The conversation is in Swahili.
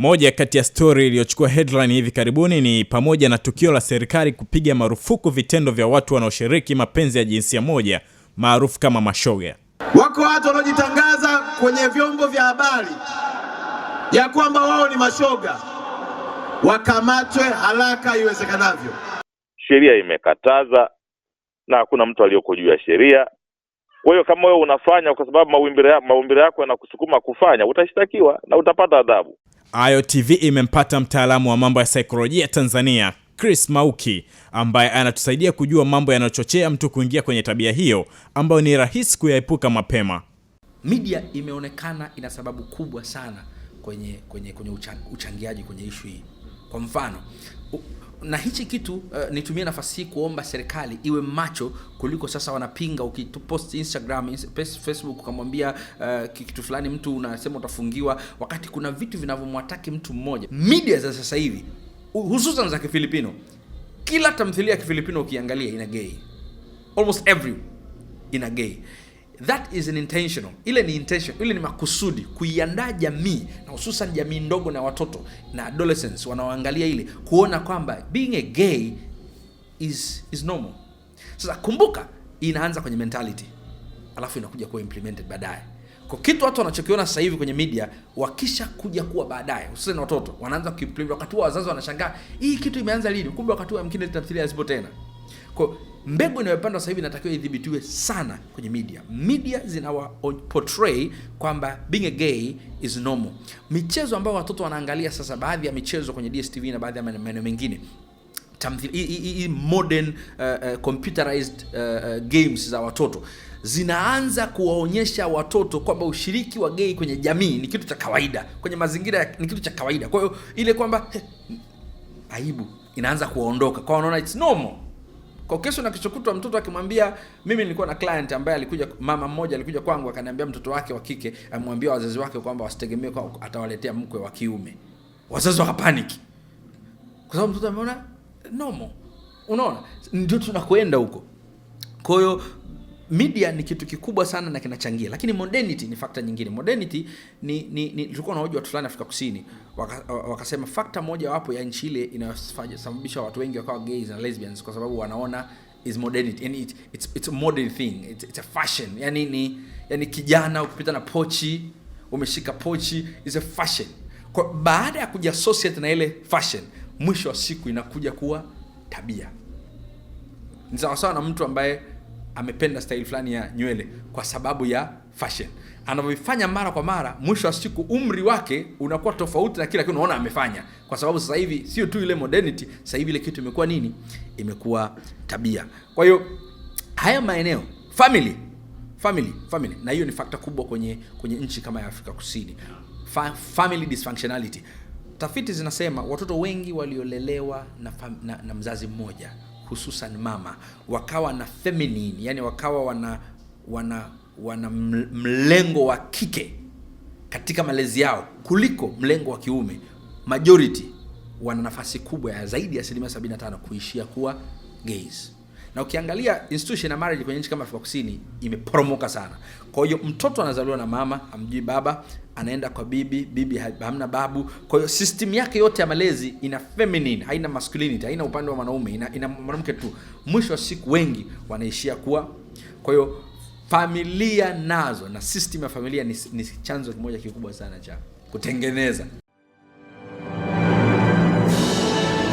Moja kati ya stori iliyochukua headline hivi karibuni ni pamoja na tukio la serikali kupiga marufuku vitendo vya watu wanaoshiriki mapenzi ya jinsia moja maarufu kama mashoga. Wako watu wanaojitangaza kwenye vyombo vya habari ya kwamba wao ni mashoga, wakamatwe haraka iwezekanavyo. Sheria imekataza na hakuna mtu aliyoko juu ya sheria. Kwa hiyo kama wewe unafanya kwa sababu maumbile yako yanakusukuma kufanya, utashtakiwa na utapata adhabu. Ayo TV imempata mtaalamu wa mambo ya saikolojia Tanzania Chris Mauki ambaye anatusaidia kujua mambo yanayochochea mtu kuingia kwenye tabia hiyo ambayo ni rahisi kuyaepuka mapema. Media imeonekana ina sababu kubwa sana kwenye kwenye kwenye uchangiaji kwenye ishu hii. Kwa mfano na hichi kitu uh, nitumie nafasi hii kuomba serikali iwe macho kuliko sasa wanapinga. Ukipost Instagram, Facebook ukamwambia uh, kitu fulani mtu unasema utafungiwa, wakati kuna vitu vinavyomwataki mtu mmoja. Media za sasa hivi hususan za Kifilipino, kila tamthilia ya Kifilipino ukiangalia ina gay, almost every ina gay that is an intentional, ile ni intention, ile ni makusudi kuiandaa jamii na hususan jamii ndogo na watoto na adolescents wanaoangalia ile kuona kwamba being a gay is is normal. Sasa kumbuka, inaanza kwenye mentality alafu inakuja kuwa implemented baadaye kwa kitu watu wanachokiona sasa hivi kwenye media, wakisha kuja kuwa baadaye, hususan watoto wanaanza kuimplement, wakati wao wazazi wanashangaa hii kitu imeanza lini, kumbe wakati wao mkine tamthilia zipo tena. Kwa mbegu inayopandwa sasa hivi inatakiwa idhibitiwe sana kwenye media. Media zinawa portray kwamba being a gay is normal. Michezo ambayo watoto wanaangalia sasa, baadhi ya michezo kwenye DSTV na baadhi ya maeneo mengine hii modern uh, uh, computerized uh, uh, games za watoto zinaanza kuwaonyesha watoto kwamba ushiriki wa gay kwenye jamii ni kitu cha kawaida, kwenye mazingira ni kitu cha kawaida. Kwa hiyo ile kwamba aibu inaanza kuwaondoka kwa wanaona it's normal. Kwa kesho na kishokutwa mtoto akimwambia, mimi nilikuwa na client ambaye alikuja, mama mmoja alikuja kwangu akaniambia mtoto wake wa kike amwambia wazazi wake kwamba wasitegemee kwa atawaletea mkwe wa kiume. Wazazi wakapaniki kwa sababu mtoto ameona normal. Unaona, ndio tunakwenda huko. Kwa hiyo media ni kitu kikubwa sana na kinachangia, lakini modernity ni factor nyingine. Modernity ni, ni, ni tulikuwa na hoja watu fulani Afrika Kusini waka, wakasema factor moja wapo ya nchi ile inayosababisha watu wengi wakawa gays na lesbians kwa sababu wanaona is modernity yani it, it's, it's a modern thing it, it's a fashion yani ni yani kijana ukipita na pochi umeshika pochi is a fashion. Kwa baada ya kuja associate na ile fashion, mwisho wa siku inakuja kuwa tabia. Ni sawa sawa na mtu ambaye amependa staili fulani ya nywele kwa sababu ya fashion. Anavyofanya mara kwa mara, mwisho wa siku umri wake unakuwa tofauti na kila kitu unaona amefanya, kwa sababu sasa hivi sio tu ile modernity, sasa hivi ile kitu imekuwa nini? Imekuwa tabia. Kwa hiyo haya maeneo family family family, na hiyo ni fakta kubwa kwenye kwenye nchi kama ya Afrika Kusini. Fa, family dysfunctionality, tafiti zinasema watoto wengi waliolelewa na, na, na mzazi mmoja hususan mama wakawa na feminine, yani wakawa wana wana wana mlengo wa kike katika malezi yao kuliko mlengo wa kiume, majority wana nafasi kubwa ya zaidi ya asilimia 75 kuishia kuwa gays. Na ukiangalia institution ya marriage kwenye nchi kama Afrika Kusini imeporomoka sana. Kwa hiyo mtoto anazaliwa na mama, amjui baba, anaenda kwa bibi, bibi hamna babu. Kwa hiyo system yake yote ya malezi ina feminine, haina masculinity, haina upande wa mwanaume, ina, ina mwanamke tu. Mwisho wa siku wengi wanaishia kuwa. Kwa hiyo familia nazo na system ya familia ni, ni chanzo kimoja kikubwa sana cha kutengeneza